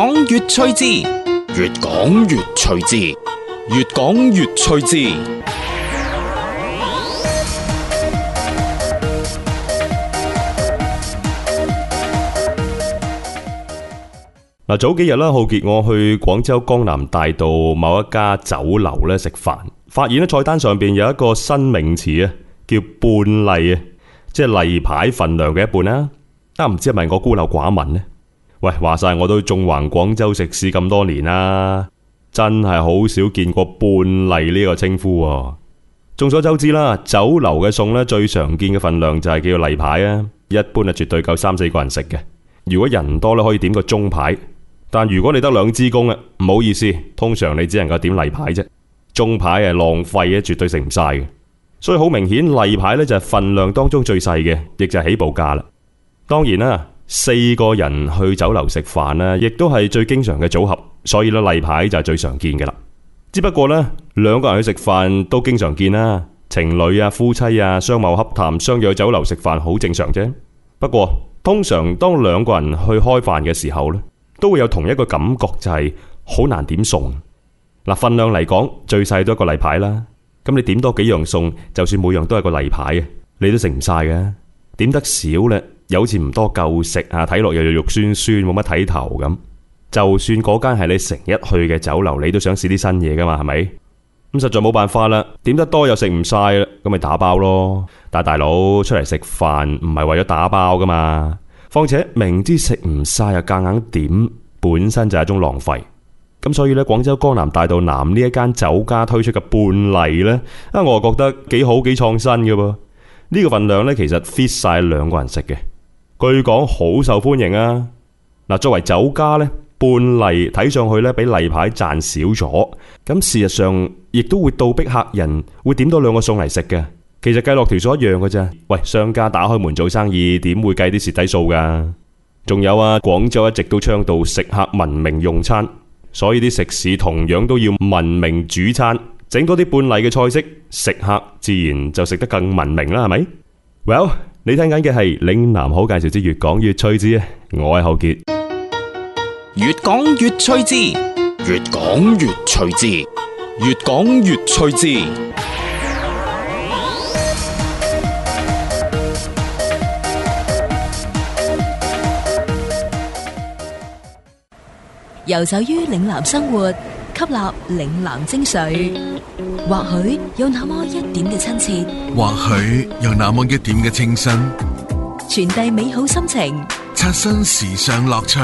越講越趣致，越講越趣致，越講越趣致。嗱，早幾日啦，浩傑，我去廣州江南大道某一家酒樓咧，食飯，發現咧，菜單上邊有一個新名詞啊，叫半例啊，即係例牌份量嘅一半啦，啊，唔知係咪我孤陋寡聞呢？喂，話晒我都縱橫廣州食肆咁多年啦、啊，真係好少見過半例呢個稱呼、啊。眾所周知啦，酒樓嘅餸，咧最常見嘅份量就係叫例牌啊，一般係絕對夠三四個人食嘅。如果人多咧，可以點個中牌，但如果你得兩支公啊，唔好意思，通常你只能夠點例牌啫，中牌係浪費嘅，絕對食唔晒嘅。所以好明顯，例牌呢就係份量當中最細嘅，亦就係起步價啦。當然啦、啊。四個人去酒樓食飯啦，亦都係最經常嘅組合，所以咧，例牌就係最常見嘅啦。只不過呢，兩個人去食飯都經常見啦，情侶啊、夫妻啊、商貿洽談相約酒樓食飯好正常啫。不過通常當兩個人去開飯嘅時候咧，都會有同一個感覺，就係好難點餸。嗱，份量嚟講最細都一個例牌啦。咁你點多幾樣餸，就算每樣都係個例牌啊，你都食唔晒嘅。點得少咧？有錢唔多，夠食啊！睇落又又肉酸酸，冇乜睇頭咁。就算嗰間係你成日去嘅酒樓，你都想試啲新嘢噶嘛？係咪咁？實在冇辦法啦，點得多又食唔晒啦，咁咪打包咯。但係大佬出嚟食飯唔係為咗打包噶嘛？況且明知食唔晒又夾硬點，本身就係一種浪費。咁所以咧，廣州江南大道南呢一間酒家推出嘅半例咧，啊，我又覺得幾好幾創新噶噃。呢個份量咧，其實 fit 晒兩個人食嘅。據講好受歡迎啊！嗱，作為酒家咧，半例睇上去咧比例牌賺少咗，咁事實上亦都會倒逼客人會點多兩個餸嚟食嘅。其實計落條數一樣噶啫。喂，商家打開門做生意，點會計啲蝕底數噶？仲有啊，廣州一直都倡導食客文明用餐，所以啲食肆同樣都要文明煮餐，整多啲半例嘅菜式，食客自然就食得更文明啦，係咪？Well。你聽緊嘅係《嶺南好介紹之越講越趣之》，我係浩杰。越講越趣之，越講越趣之，越講越趣之。游走於嶺南生活。吸納嶺南精髓，或許有那麼一點嘅親切，或許有那麼一點嘅清新，傳遞美好心情，刷新時尚樂趣。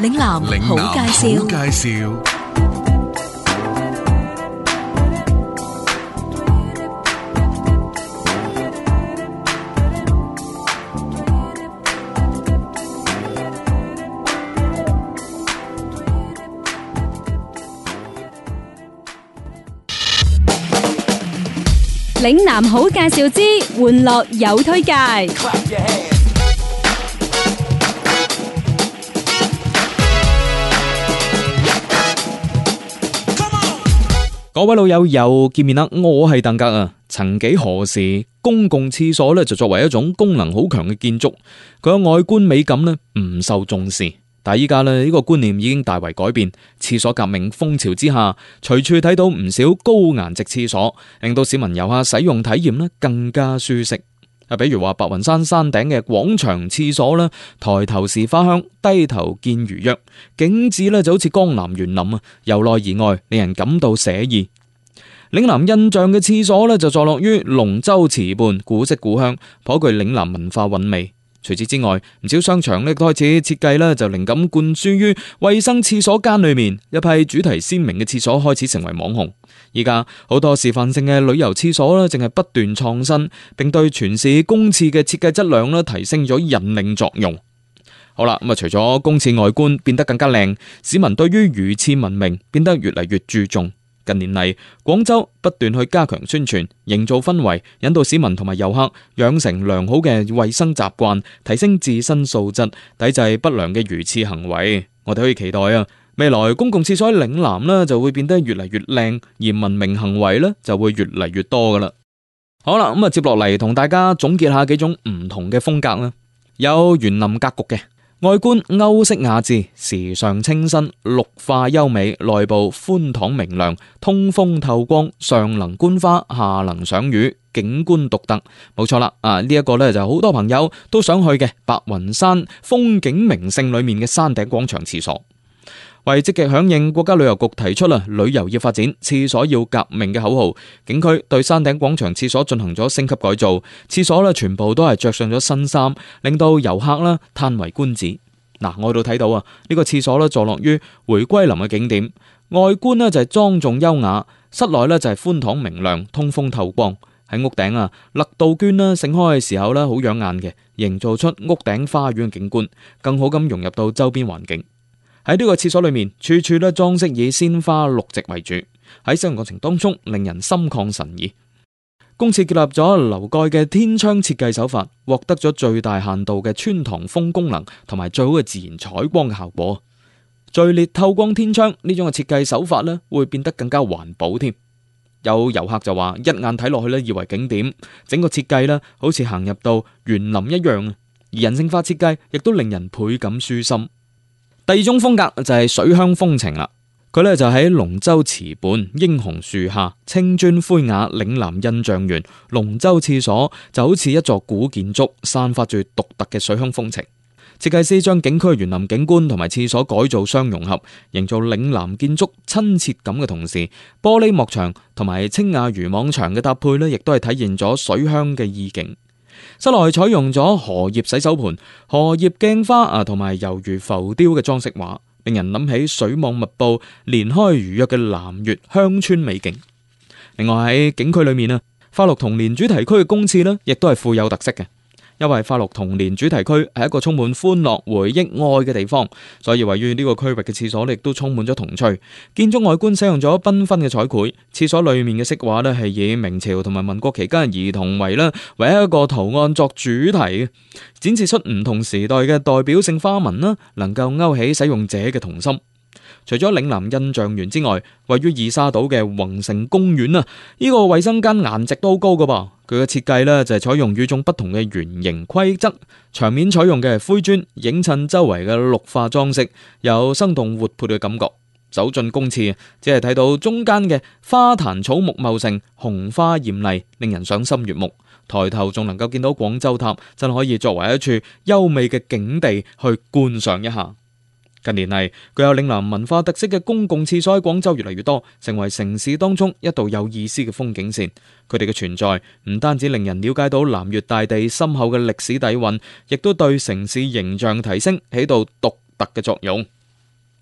嶺南好介紹。嶺南好介紹之，玩樂有推介。各位老友又見面啦，我係鄧格啊。曾幾何時，公共廁所咧就作為一種功能好強嘅建築，佢嘅外觀美感呢，唔受重視。但依家咧，呢個觀念已經大為改變。廁所革命風潮之下，隨處睇到唔少高顏值廁所，令到市民遊客使用體驗咧更加舒適。啊，比如話白雲山山頂嘅廣場廁所啦，抬頭是花香，低頭見魚躍，景致呢就好似江南園林啊，由內而外令人感到寫意。嶺南印象嘅廁所呢就坐落於龍舟池畔，古色古香，頗具嶺南文化韻味。.除此之外，唔少商場咧開始設計咧，就靈感灌輸於衛生廁所間裏面，一批主題鮮明嘅廁所開始成為網紅。依家好多示範性嘅旅遊廁所咧，正係不斷創新，並對全市公廁嘅設計質量咧提升咗引領作用。好啦，咁啊，除咗公廁外觀變得更加靚，市民對於如廁文明變得越嚟越注重。近年嚟，廣州不斷去加強宣傳，營造氛圍，引導市民同埋遊客養成良好嘅衛生習慣，提升自身素質，抵制不良嘅如廁行為。我哋可以期待啊，未來公共廁所喺嶺南呢就會變得越嚟越靚，而文明行為呢就會越嚟越多噶啦。好啦，咁、嗯、啊，接落嚟同大家總結下幾種唔同嘅風格啦，有園林格局嘅。外觀歐式雅致、時尚清新、綠化優美，內部寬敞明亮、通風透光，上能觀花，下能賞魚，景觀獨特。冇錯啦，啊呢一個咧就好多朋友都想去嘅白雲山風景名勝裏面嘅山頂廣場廁所。為積極響應國家旅遊局提出啦，旅遊要發展，廁所要革命嘅口號，景區對山頂廣場廁所進行咗升級改造，廁所咧全部都係着上咗新衫，令到遊客啦嘆為觀止。嗱、呃，我度睇到啊，呢、這個廁所咧坐落於回歸林嘅景點，外觀呢就係莊重優雅，室內呢就係寬敞明亮、通風透光。喺屋頂啊，簕杜鵑啦盛開嘅時候呢，好養眼嘅，營造出屋頂花園嘅景觀，更好咁融入到周邊環境。喺呢個廁所裏面，處處都裝飾以鮮花綠植為主。喺使用過程當中，令人心曠神怡。公廁結合咗樓蓋嘅天窗設計手法，獲得咗最大限度嘅穿堂風功能同埋最好嘅自然採光嘅效果。序列透光天窗呢種嘅設計手法咧，會變得更加環保添。有遊客就話，一眼睇落去咧，以為景點，整個設計咧，好似行入到園林一樣。而人性化設計亦都令人倍感舒心。第二種風格就係水鄉風情啦，佢咧就喺龍舟池畔、英雄樹下、青磚灰瓦、嶺南印象園、龍舟廁所，就好似一座古建築，散發住獨特嘅水鄉風情。設計師將景區園林景觀同埋廁所改造相融合，營造嶺南建築親切感嘅同時，玻璃幕牆同埋青瓦漁網牆嘅搭配咧，亦都係體現咗水鄉嘅意境。室內採用咗荷葉洗手盆、荷葉鏡花啊，同埋猶如浮雕嘅裝飾畫，令人諗起水網密布、連開如約嘅南粵鄉村美景。另外喺景區裏面啊，花綠同年主題區嘅公廁呢，亦都係富有特色嘅。因為快樂童年主題區係一個充滿歡樂回憶愛嘅地方，所以位於呢個區域嘅廁所亦都充滿咗童趣。建築外觀使用咗繽紛嘅彩繪，廁所裏面嘅壁畫呢係以明朝同埋民國期間嘅兒童為啦，唯一一個圖案作主題，展示出唔同時代嘅代表性花紋啦，能夠勾起使用者嘅童心。除咗嶺南印象園之外，位於二沙島嘅宏城公園啊，呢、這個衛生間顏值都好高噶噃。佢嘅設計呢，就係採用與眾不同嘅圓形規則，牆面採用嘅灰磚，映襯周圍嘅綠化裝飾，有生動活潑嘅感覺。走進公廁，只係睇到中間嘅花壇草木茂盛，紅花艷麗，令人賞心悅目。抬頭仲能夠見到廣州塔，真可以作為一處優美嘅景地去觀賞一下。近年嚟，具有嶺南文化特色嘅公共廁所喺廣州越嚟越多，成為城市當中一道有意思嘅風景線。佢哋嘅存在唔單止令人了解到南粵大地深厚嘅歷史底蘊，亦都對城市形象提升起到獨特嘅作用。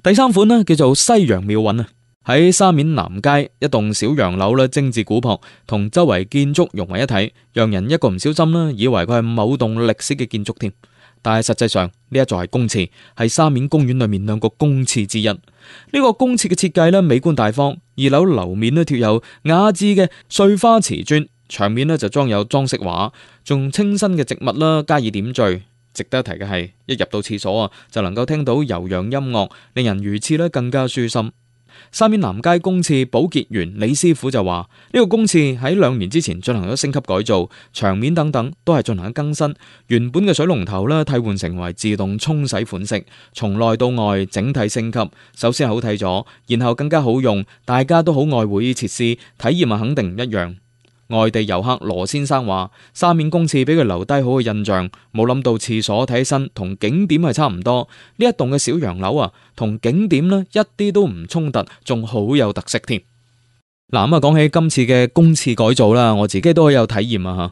第三款呢，叫做西洋妙韻啊，喺沙面南街一棟小洋樓啦，精緻古樸，同周圍建築融為一體，讓人一個唔小心呢，以為佢係某棟歷史嘅建築添。但係實際上呢一座係公廁，係沙面公園裏面兩個公廁之一。呢、這個公廁嘅設計呢，美觀大方，二樓樓面呢貼有雅致嘅碎花瓷磚，牆面呢就裝有裝飾畫，仲清新嘅植物啦加以點綴。值得一提嘅係，一入到廁所啊就能夠聽到悠揚音樂，令人如廁呢更加舒心。沙面南街公廁保潔員李師傅就話：呢個公廁喺兩年之前進行咗升級改造，牆面等等都係進行更新，原本嘅水龍頭呢，替換成為自動沖洗款式，從內到外整體升級，首先好睇咗，然後更加好用，大家都好愛會議設施，體驗肯定唔一樣。外地遊客羅先生話，沙面公廁俾佢留低好嘅印象，冇諗到廁所睇起身同景點係差唔多。呢一棟嘅小洋樓啊，同景點呢，一啲都唔衝突，仲好有特色添。嗱、嗯，咁啊，講起今次嘅公廁改造啦，我自己都有體驗啊。吓，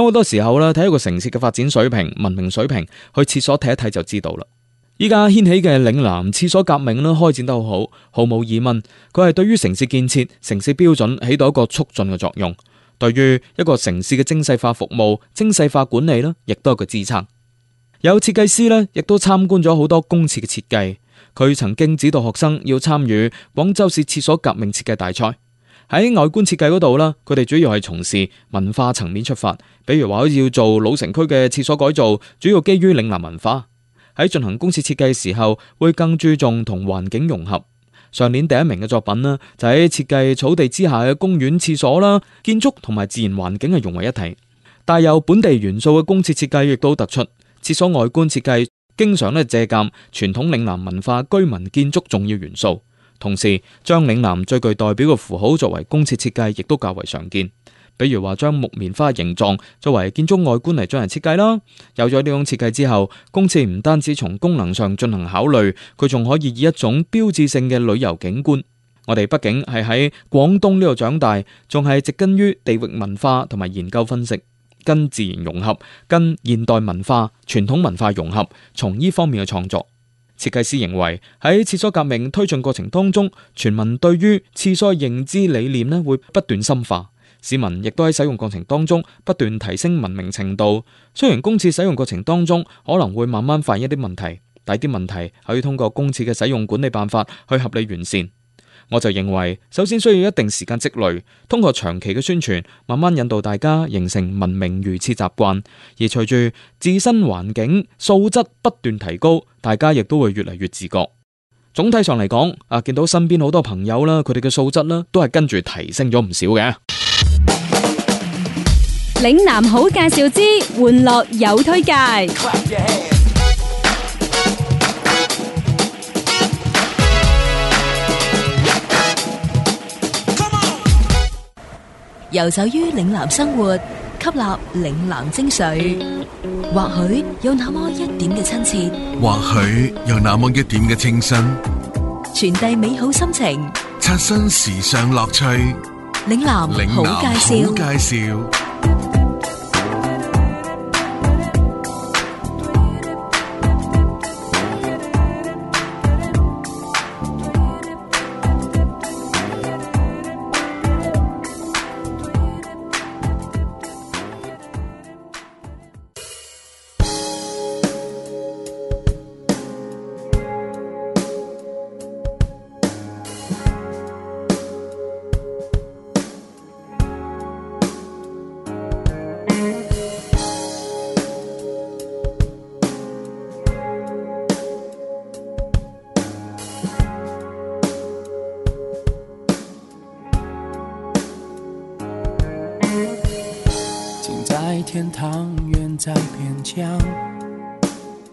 因好多時候呢，睇一個城市嘅發展水平、文明水平，去廁所睇一睇就知道啦。依家掀起嘅嶺南廁所革命咧，開展得好好，毫無疑問佢係對於城市建設、城市標準起到一個促進嘅作用。對於一個城市嘅精細化服務、精細化管理呢，亦都有個支撐。有設計師呢，亦都參觀咗好多公廁嘅設計。佢曾經指導學生要參與廣州市廁所革命設計大賽。喺外觀設計嗰度呢，佢哋主要係從事文化層面出發，比如話要做老城區嘅廁所改造，主要基於嶺南文化。喺進行公廁設計嘅時候，會更注重同環境融合。上年第一名嘅作品呢，就喺設計草地之下嘅公園廁所啦，建築同埋自然環境係融為一體。帶有本地元素嘅公廁設計亦都突出。廁所外觀設計經常咧借鑒傳統嶺南文化居民建築重要元素，同時將嶺南最具代表嘅符號作為公廁設計，亦都較為常見。比如話，將木棉花形狀作為建築外觀嚟進行設計啦。有咗呢種設計之後，公廁唔單止從功能上進行考慮，佢仲可以以一種標誌性嘅旅遊景觀。我哋畢竟係喺廣東呢度長大，仲係植根於地域文化同埋研究分析，跟自然融合，跟現代文化、傳統文化融合，從呢方面嘅創作。設計師認為喺廁所革命推進過程當中，全民對於廁所認知理念呢會不斷深化。市民亦都喺使用過程當中不斷提升文明程度。雖然公廁使用過程當中可能會慢慢發現一啲問題，但啲問題可以通過公廁嘅使用管理辦法去合理完善。我就認為，首先需要一定時間積累，通過長期嘅宣傳，慢慢引導大家形成文明如廁習慣。而隨住自身環境素質不斷提高，大家亦都會越嚟越自覺。總體上嚟講，啊，見到身邊好多朋友啦，佢哋嘅素質啦，都係跟住提升咗唔少嘅。嶺南好介紹之，玩樂有推介。遊走於嶺南生活，吸納嶺南精髓，或許有那麼一點嘅親切，或許有那麼一點嘅清新，傳遞美好心情，刷新時尚樂趣。嶺南好介紹。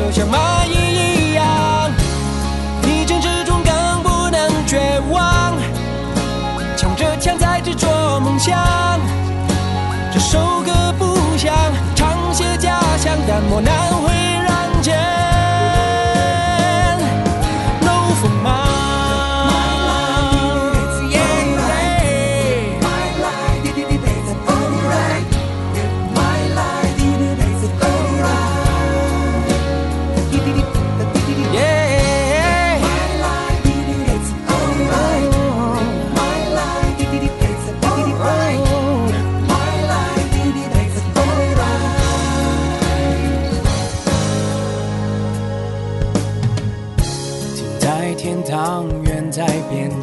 就像螞蟻一樣，逆境之中更不能絕望，強者強在執着夢想。這首歌不想唱些假象，但我難。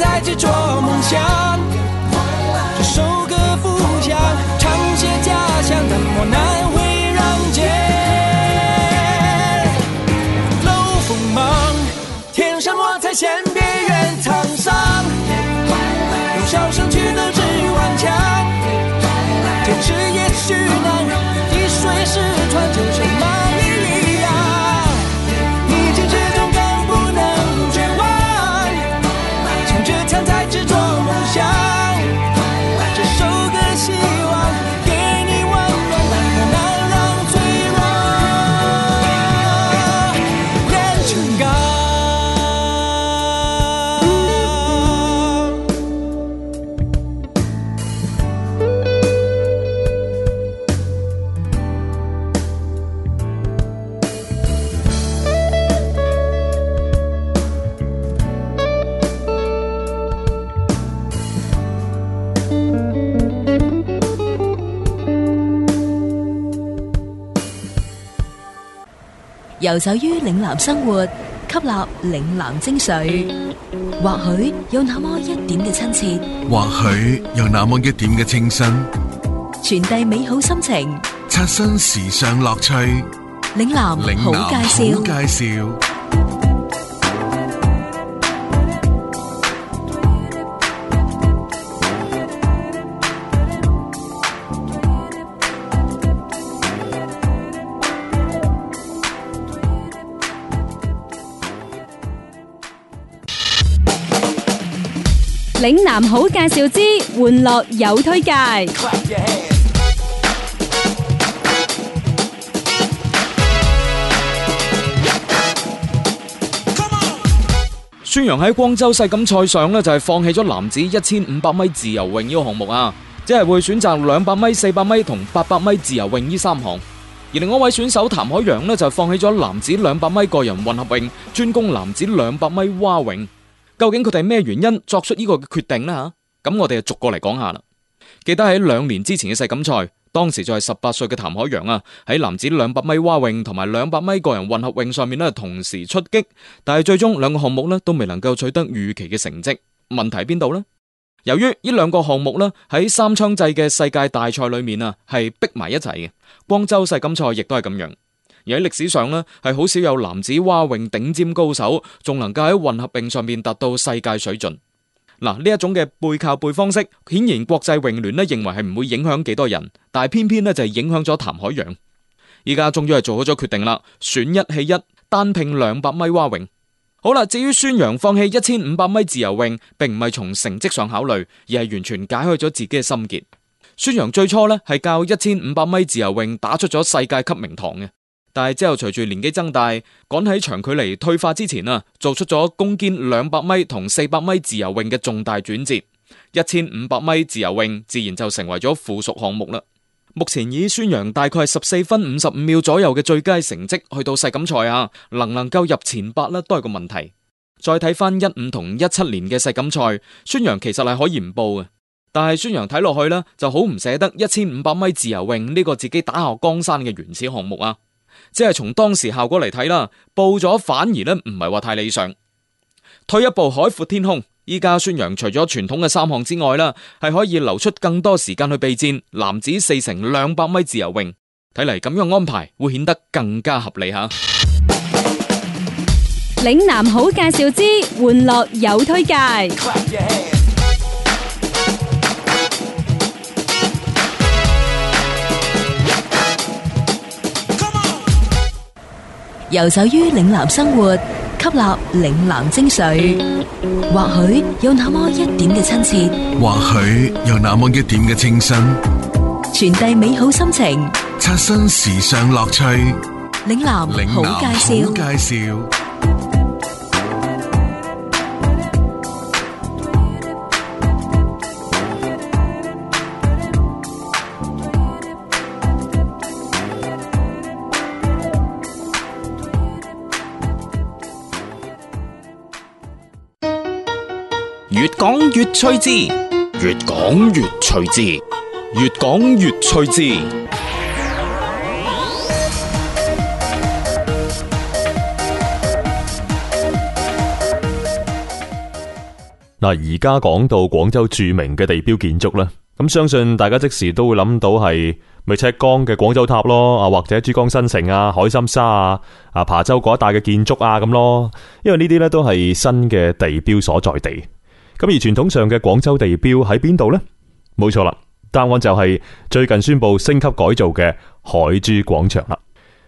再執着夢想。遊走於嶺南生活，吸納嶺南精髓，或許有那麼一點嘅親切，或許有那麼一點嘅清新，傳遞美好心情，刷新時尚樂趣，嶺南好介紹。嶺南好介紹之，玩樂有推介。孫楊喺光州世錦賽上咧，就係放棄咗男子一千五百米自由泳呢個項目啊，即係會選擇兩百米、四百米同八百米自由泳呢三項。而另外一位選手譚海洋咧，就放棄咗男子兩百米個人混合泳，專攻男子兩百米蛙泳。究竟佢哋咩原因作出呢個嘅決定呢？吓，咁我哋就逐個嚟講下啦。記得喺兩年之前嘅世錦賽，當時就係十八歲嘅譚海洋啊，喺男子兩百米蛙泳同埋兩百米個人混合泳上面咧同時出擊，但係最終兩個項目呢，都未能夠取得預期嘅成績。問題喺邊度呢？由於呢兩個項目呢，喺三槍制嘅世界大賽裏面啊係逼埋一齊嘅，光州世錦賽亦都係咁樣。而喺歷史上呢係好少有男子蛙泳頂尖高手，仲能夠喺混合泳上面達到世界水準。嗱、啊，呢一種嘅背靠背方式，顯然國際泳聯呢認為係唔會影響幾多人，但係偏偏呢就係影響咗譚海洋。依家終於係做好咗決定啦，選一棄一，單拼兩百米蛙泳。好啦，至於孫楊放棄一千五百米自由泳，並唔係從成績上考慮，而係完全解開咗自己嘅心結。孫楊最初呢係教一千五百米自由泳打出咗世界級名堂嘅。但係之後，隨住年紀增大，趕喺長距離退化之前啊，做出咗攻堅兩百米同四百米自由泳嘅重大轉折，一千五百米自由泳自然就成為咗附屬項目啦。目前以孫楊大概十四分五十五秒左右嘅最佳成績去到世錦賽啊，能唔能夠入前八呢？啊，都係個問題。再睇翻一五同一七年嘅世錦賽，孫楊其實係可以唔報嘅，但係孫楊睇落去呢，就好唔捨得一千五百米自由泳呢，這個自己打下江山嘅原始項目啊。即係從當時效果嚟睇啦，報咗反而咧唔係話太理想。退一步海闊天空，依家孫楊除咗傳統嘅三項之外啦，係可以留出更多時間去備戰男子四乘兩百米自由泳。睇嚟咁樣安排會顯得更加合理吓。嶺南好介紹之，玩樂有推介。遊走於嶺南生活，吸納嶺南精髓，或許有那麼一點嘅親切，或許有那麼一點嘅清新，傳遞美好心情，刷新時尚樂趣。嶺南好介紹。講越趣致，越講越趣致，越講越趣致。嗱，而家講到廣州著名嘅地標建築啦，咁相信大家即時都會諗到係咪赤崗嘅廣州塔咯，啊或者珠江新城啊、海心沙啊、啊琶洲嗰一帶嘅建築啊咁咯，因為呢啲咧都係新嘅地標所在地。咁而傳統上嘅廣州地標喺邊度呢？冇錯啦，答案就係最近宣布升級改造嘅海珠廣場啦。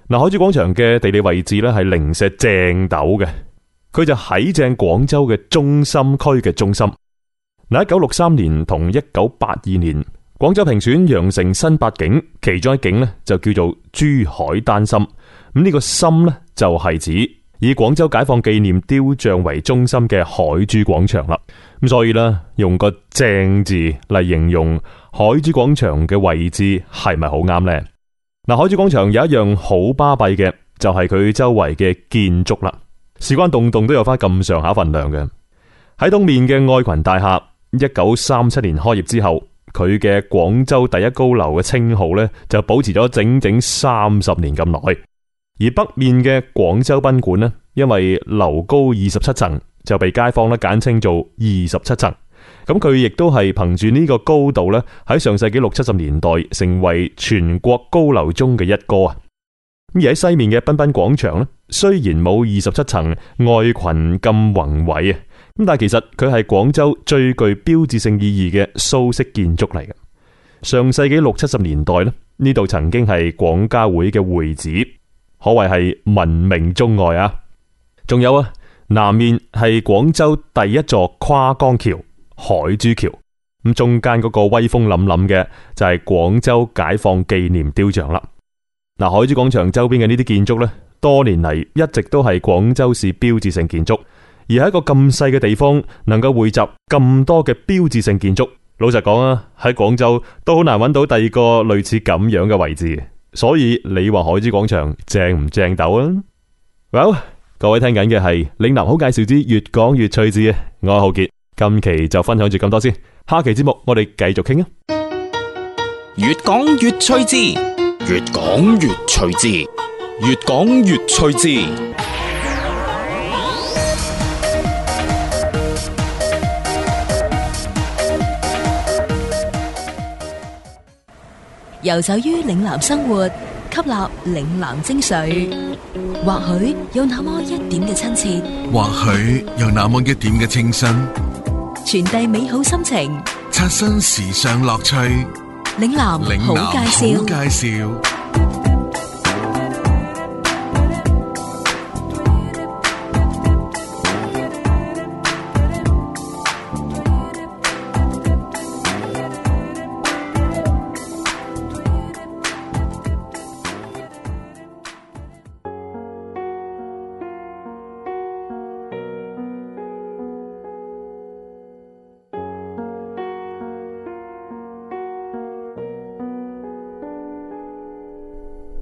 嗱，海珠廣場嘅地理位置咧係零舍正斗嘅，佢就喺正廣州嘅中心區嘅中心。嗱，一九六三年同一九八二年，廣州評選羊城新八景，其中一景呢就叫做珠海丹心。咁呢個心呢，就係指以廣州解放紀念雕像為中心嘅海珠廣場啦。咁所以咧，用個正字嚟形容海珠廣場嘅位置，係咪好啱呢？嗱，海珠廣場有一樣好巴閉嘅，就係佢周圍嘅建築啦。事關棟棟都有翻咁上下份量嘅。喺東面嘅愛群大廈，一九三七年開業之後，佢嘅廣州第一高樓嘅稱號咧，就保持咗整整三十年咁耐。而北面嘅廣州賓館呢，因為樓高二十七層。就被街坊咧簡稱做二十七層，咁佢亦都係憑住呢個高度咧，喺上世紀六七十年代成為全國高樓中嘅一哥啊！咁而喺西面嘅繽紛廣場咧，雖然冇二十七層外群咁宏偉啊，咁但係其實佢係廣州最具標誌性意義嘅蘇式建築嚟嘅。上世紀六七十年代咧，呢度曾經係廣交會嘅會址，可謂係聞名中外啊！仲有啊～南面係廣州第一座跨江橋海珠橋，咁中間嗰個威風凜凜嘅就係廣州解放紀念雕像啦。嗱，海珠廣場周邊嘅呢啲建築呢，多年嚟一直都係廣州市標誌性建築，而喺一個咁細嘅地方能夠匯集咁多嘅標誌性建築，老實講啊，喺廣州都好難搵到第二個類似咁樣嘅位置。所以你話海珠廣場正唔正斗啊？Well。各位聽緊嘅係嶺南好介紹之越講越趣志啊！我係浩杰，今期就分享住咁多先，下期節目我哋繼續傾啊！越講越趣志，越講越趣志，越講越趣志，游走於嶺南生活。吸納嶺南精髓，或許有那麼一點嘅親切，或許有那麼一點嘅清新，傳遞美好心情，刷新時尚樂趣。嶺南好介紹。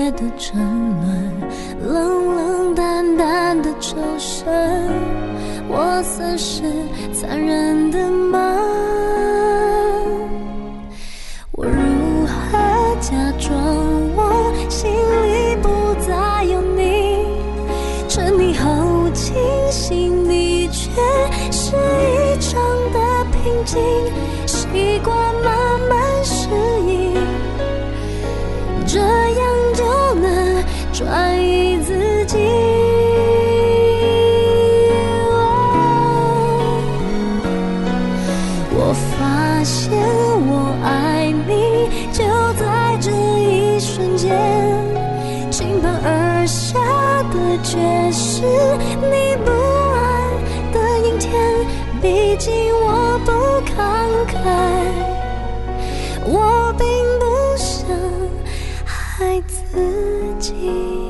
夜的沉淪，冷冷淡淡的抽身，我算是殘忍的。愛自己。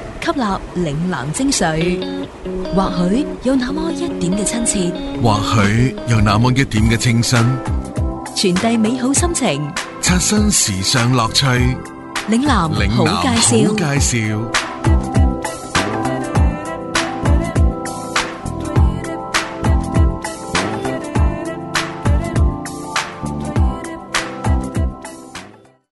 吸納嶺南精髓，或許有那麼一點嘅親切，或許有那麼一點嘅清新，傳遞美好心情，刷新時尚樂趣。嶺南好介紹。